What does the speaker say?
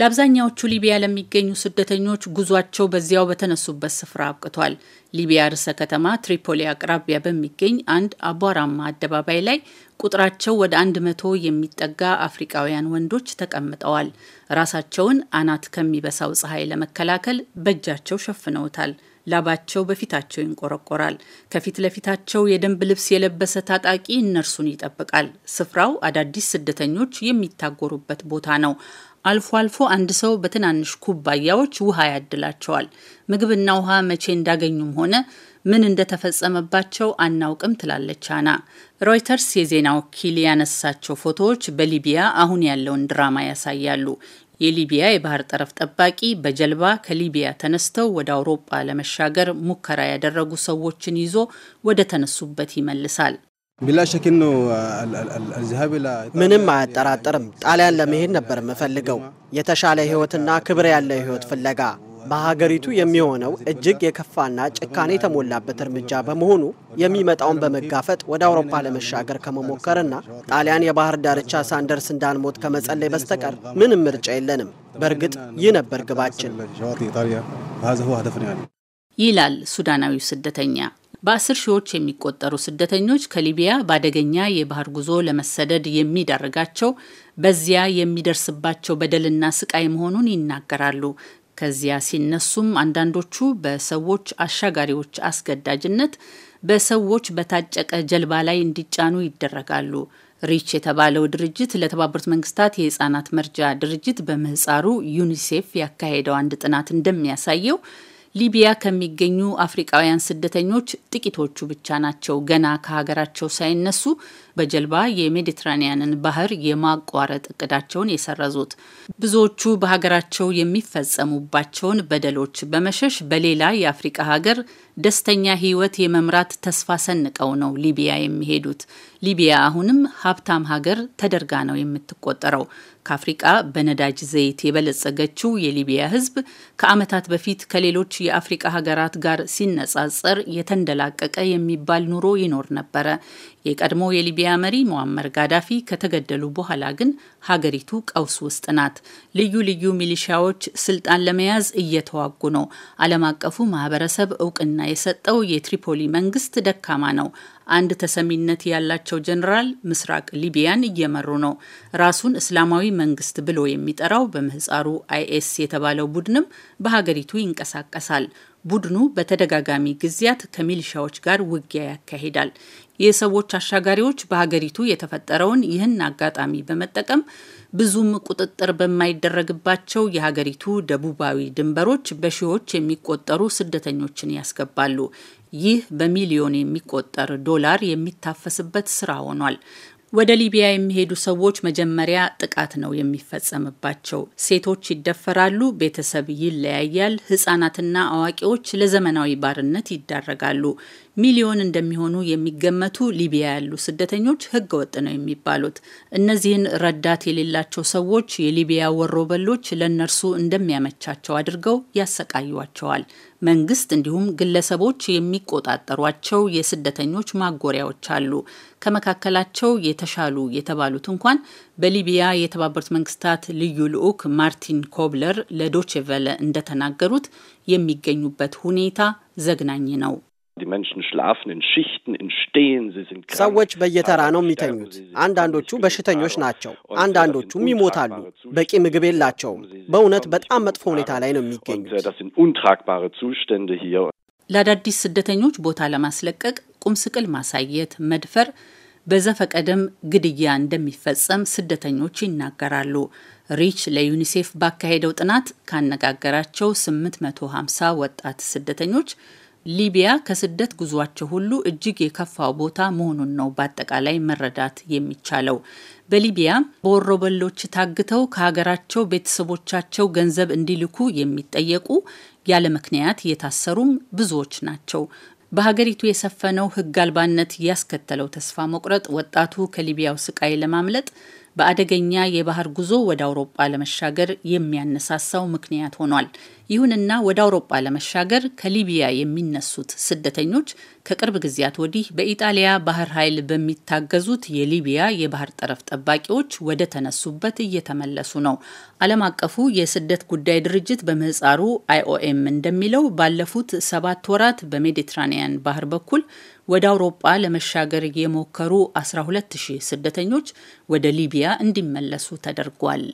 ለአብዛኛዎቹ ሊቢያ ለሚገኙ ስደተኞች ጉዟቸው በዚያው በተነሱበት ስፍራ አብቅቷል። ሊቢያ ርዕሰ ከተማ ትሪፖሊ አቅራቢያ በሚገኝ አንድ አቧራማ አደባባይ ላይ ቁጥራቸው ወደ አንድ መቶ የሚጠጋ አፍሪቃውያን ወንዶች ተቀምጠዋል። ራሳቸውን አናት ከሚበሳው ፀሐይ ለመከላከል በእጃቸው ሸፍነውታል። ላባቸው በፊታቸው ይንቆረቆራል። ከፊት ለፊታቸው የደንብ ልብስ የለበሰ ታጣቂ እነርሱን ይጠብቃል። ስፍራው አዳዲስ ስደተኞች የሚታጎሩበት ቦታ ነው። አልፎ አልፎ አንድ ሰው በትናንሽ ኩባያዎች ውሃ ያድላቸዋል። ምግብና ውሃ መቼ እንዳገኙም ሆነ ምን እንደተፈጸመባቸው አናውቅም ትላለች አና። ሮይተርስ የዜና ወኪል ያነሳቸው ፎቶዎች በሊቢያ አሁን ያለውን ድራማ ያሳያሉ። የሊቢያ የባህር ጠረፍ ጠባቂ በጀልባ ከሊቢያ ተነስተው ወደ አውሮፓ ለመሻገር ሙከራ ያደረጉ ሰዎችን ይዞ ወደ ተነሱበት ይመልሳል። ምንም አያጠራጥርም። ጣሊያን ለመሄድ ነበር የምፈልገው፣ የተሻለ ህይወትና ክብር ያለ ህይወት ፍለጋ። በሀገሪቱ የሚሆነው እጅግ የከፋና ጭካኔ የተሞላበት እርምጃ በመሆኑ የሚመጣውን በመጋፈጥ ወደ አውሮፓ ለመሻገር ከመሞከርና ጣሊያን የባህር ዳርቻ ሳንደርስ እንዳንሞት ከመጸለይ በስተቀር ምንም ምርጫ የለንም። በእርግጥ ይህ ነበር ግባችን፣ ይላል ሱዳናዊው ስደተኛ። በአስር ሺዎች የሚቆጠሩ ስደተኞች ከሊቢያ በአደገኛ የባህር ጉዞ ለመሰደድ የሚዳርጋቸው በዚያ የሚደርስባቸው በደልና ስቃይ መሆኑን ይናገራሉ። ከዚያ ሲነሱም አንዳንዶቹ በሰዎች አሻጋሪዎች አስገዳጅነት በሰዎች በታጨቀ ጀልባ ላይ እንዲጫኑ ይደረጋሉ። ሪች የተባለው ድርጅት ለተባበሩት መንግስታት የህፃናት መርጃ ድርጅት በምህፃሩ ዩኒሴፍ ያካሄደው አንድ ጥናት እንደሚያሳየው ሊቢያ ከሚገኙ አፍሪቃውያን ስደተኞች ጥቂቶቹ ብቻ ናቸው ገና ከሀገራቸው ሳይነሱ በጀልባ የሜዲትራኒያንን ባህር የማቋረጥ እቅዳቸውን የሰረዙት። ብዙዎቹ በሀገራቸው የሚፈጸሙባቸውን በደሎች በመሸሽ በሌላ የአፍሪቃ ሀገር ደስተኛ ህይወት የመምራት ተስፋ ሰንቀው ነው ሊቢያ የሚሄዱት። ሊቢያ አሁንም ሀብታም ሀገር ተደርጋ ነው የምትቆጠረው። ከአፍሪቃ በነዳጅ ዘይት የበለጸገችው የሊቢያ ህዝብ ከዓመታት በፊት ከሌሎች የአፍሪቃ ሀገራት ጋር ሲነጻጸር የተንደላቀቀ የሚባል ኑሮ ይኖር ነበረ። የቀድሞ የሊቢያ መሪ ሞአመር ጋዳፊ ከተገደሉ በኋላ ግን ሀገሪቱ ቀውስ ውስጥ ናት። ልዩ ልዩ ሚሊሻዎች ስልጣን ለመያዝ እየተዋጉ ነው። ዓለም አቀፉ ማህበረሰብ እውቅና የሰጠው የትሪፖሊ መንግስት ደካማ ነው። አንድ ተሰሚነት ያላቸው ጀኔራል ምስራቅ ሊቢያን እየመሩ ነው። ራሱን እስላማዊ መንግስት ብሎ የሚጠራው በምህፃሩ አይኤስ የተባለው ቡድንም በሀገሪቱ ይንቀሳቀሳል። ቡድኑ በተደጋጋሚ ጊዜያት ከሚሊሻዎች ጋር ውጊያ ያካሂዳል። የሰዎች አሻጋሪዎች በሀገሪቱ የተፈጠረውን ይህን አጋጣሚ በመጠቀም ብዙም ቁጥጥር በማይደረግባቸው የሀገሪቱ ደቡባዊ ድንበሮች በሺዎች የሚቆጠሩ ስደተኞችን ያስገባሉ። ይህ በሚሊዮን የሚቆጠር ዶላር የሚታፈስበት ስራ ሆኗል። ወደ ሊቢያ የሚሄዱ ሰዎች መጀመሪያ ጥቃት ነው የሚፈጸምባቸው። ሴቶች ይደፈራሉ፣ ቤተሰብ ይለያያል፣ ህጻናትና አዋቂዎች ለዘመናዊ ባርነት ይዳረጋሉ። ሚሊዮን እንደሚሆኑ የሚገመቱ ሊቢያ ያሉ ስደተኞች ህገወጥ ነው የሚባሉት። እነዚህን ረዳት የሌላቸው ሰዎች የሊቢያ ወሮበሎች ለእነርሱ እንደሚያመቻቸው አድርገው ያሰቃዩቸዋል። መንግስት እንዲሁም ግለሰቦች የሚቆጣጠሯቸው የስደተኞች ማጎሪያዎች አሉ። ከመካከላቸው የተሻሉ የተባሉት እንኳን በሊቢያ የተባበሩት መንግስታት ልዩ ልዑክ ማርቲን ኮብለር ለዶቼ እንደተናገሩት የሚገኙበት ሁኔታ ዘግናኝ ነው። ሰዎች በየተራ ነው የሚተኙት። አንዳንዶቹ በሽተኞች ናቸው፣ አንዳንዶቹም ይሞታሉ። በቂ ምግብ የላቸውም። በእውነት በጣም መጥፎ ሁኔታ ላይ ነው የሚገኙት። ለአዳዲስ ስደተኞች ቦታ ለማስለቀቅ ቁም ስቅል ማሳየት፣ መድፈር፣ በዘፈቀደም ግድያ እንደሚፈጸም ስደተኞች ይናገራሉ። ሪች ለዩኒሴፍ ባካሄደው ጥናት ካነጋገራቸው 850 ወጣት ስደተኞች ሊቢያ ከስደት ጉዟቸው ሁሉ እጅግ የከፋው ቦታ መሆኑን ነው በአጠቃላይ መረዳት የሚቻለው። በሊቢያ በወሮበሎች ታግተው ከሀገራቸው ቤተሰቦቻቸው ገንዘብ እንዲልኩ የሚጠየቁ ያለ ምክንያት የታሰሩም ብዙዎች ናቸው። በሀገሪቱ የሰፈነው ሕግ አልባነት ያስከተለው ተስፋ መቁረጥ ወጣቱ ከሊቢያው ስቃይ ለማምለጥ በአደገኛ የባህር ጉዞ ወደ አውሮጳ ለመሻገር የሚያነሳሳው ምክንያት ሆኗል። ይሁንና ወደ አውሮጳ ለመሻገር ከሊቢያ የሚነሱት ስደተኞች ከቅርብ ጊዜያት ወዲህ በኢጣሊያ ባህር ኃይል በሚታገዙት የሊቢያ የባህር ጠረፍ ጠባቂዎች ወደ ተነሱበት እየተመለሱ ነው። ዓለም አቀፉ የስደት ጉዳይ ድርጅት በምህፃሩ አይኦኤም እንደሚለው ባለፉት ሰባት ወራት በሜዲትራኒያን ባህር በኩል ወደ አውሮጳ ለመሻገር የሞከሩ 12 ስደተኞች ወደ ሊቢያ እንዲመለሱ ተደርጓል።